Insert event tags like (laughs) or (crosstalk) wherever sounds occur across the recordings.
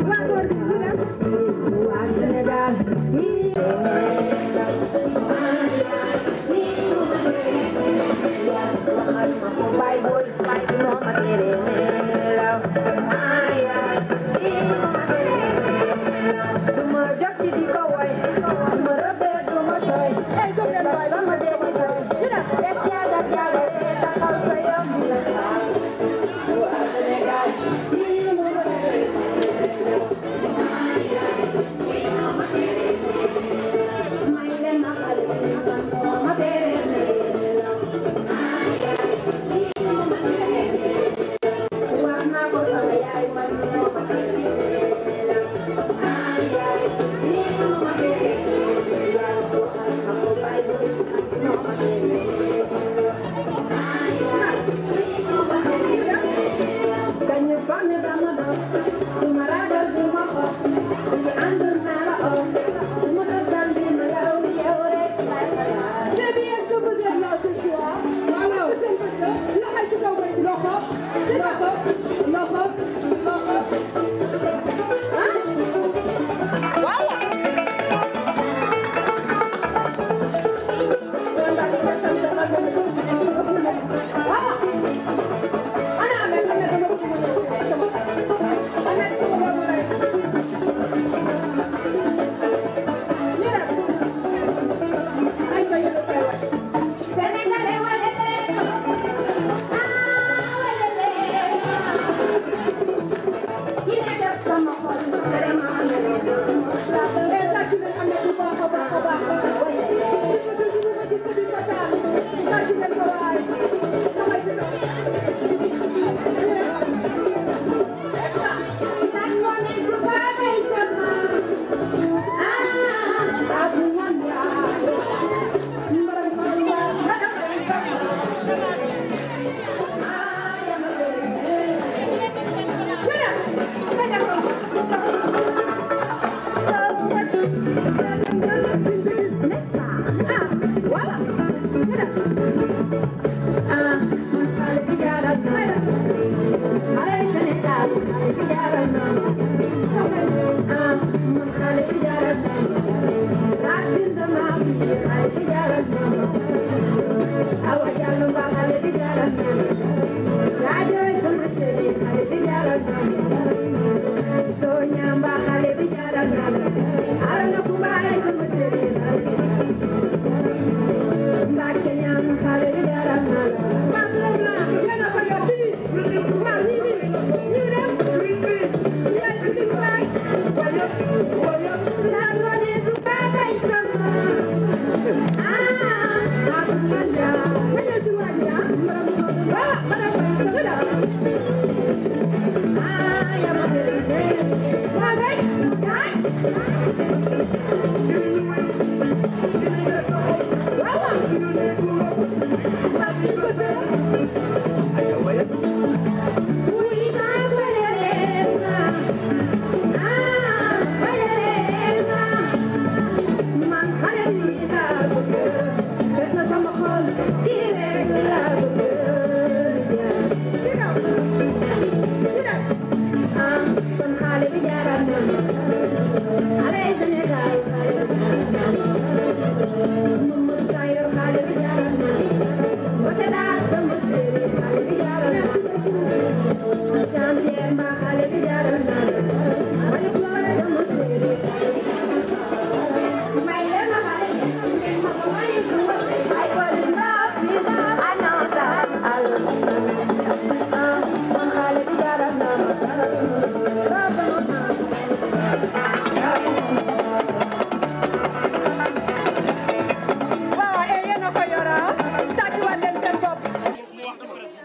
Gracias. so nyamba hale bijara nana arana kubaye sama cheri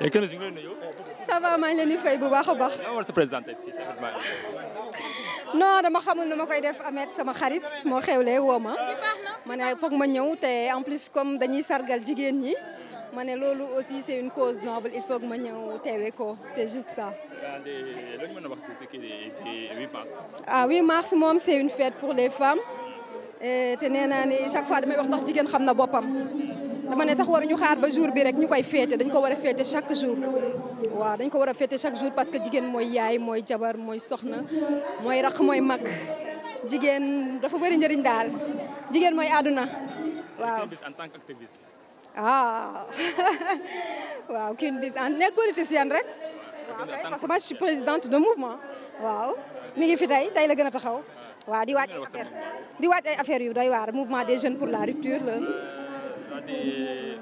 mais kenn si ñu ngi ça va maa ngi leen di fay bu baax a baax. non dama xamul nu ma koy def a Ameth sama xarit moo xewlee woo ma. ma ne foog ma ñëw te en plus comme dañuy sargal jigéen ñi. ma ne loolu aussi c' est une cause noble il faut ma ñëw teewe ko c' est juste ça. ah 8 mars moom c' est une fête pour les femmes. te nee naa ne chaque fois damay wax ndax jigéen xam na boppam. dama ne sax waruñu xaar ba jour bi rek ñu koy féete dañ ko war a féete chaque jour waaw dañ ko war a féete chaque jour parce que jigéen mooy yaay mooy jabar mooy soxna mooy raq mooy mag jigéen dafa bëri njëriñ daal jigéen mooy àdduna waaw en bis qu'activiste ah (laughs) waaw Queen Biz en nekk politicienne rek waaw parce que moi je suis présidente de mouvement waaw mi ngi fi tey tey la gën a taxaw waaw di waaj ay affaire di waaj ay affaire yu doy waar mouvement des jeunes pour la rupture la ni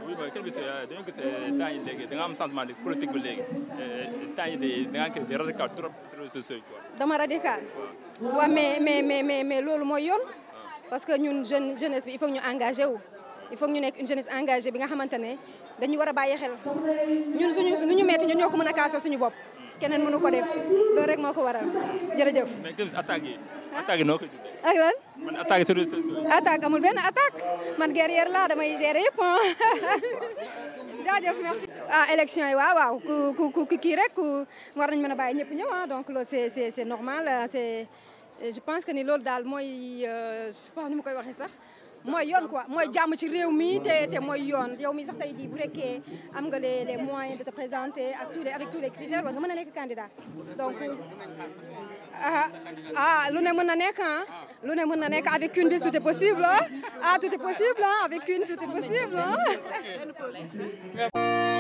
oui ba kenn gis dañoo gis temps yi léegi da nga am changement léegi si politique bi léegi euh, temps yi de da ngaa kii di radical trop si réseaux sociaux quoi. mais mais mais mais loolu mooy yoon. parce que ñun jeune jeunesse bi il faut ñu engagé wu. il faut ñu nekk une jeunesse engagée bi nga xamante ne dañu war a bàyyi xel ñun suñu suñu metti ñun ñoo ko mën a kaasa suñu bopp. keneen mu ko def loolu rek moo ko waral jërëjëf. mais gis attaques yi. attaque noo ko jublu. ak lan man attaque sur les réseaux attaque amul benn attaque man guerrière laa damay gérer yëpp ah. (laughs) jaajëf merci. ah élection yi waaw waaw ku ku ku kii rek ku war nañu mën a bàyyi ñëpp ñëw ah donc loolu c'est c'est normal ah. c'est je pense que ni loolu daal mooy euh, je ni pas nu koy waxee sax. mooy yon quoi mooy jàmm ci réew mi te te mooy yoon yow mi sax tey jii bu rekkee am nga les les moyens de te présenter ak tous les avec tous les critères war nga mën a nekk ah ah lu ne mën na nekk ah. lu ne mën na nekk avec une liste tout est possible ah ah tout est possible ah une tout est possible ah.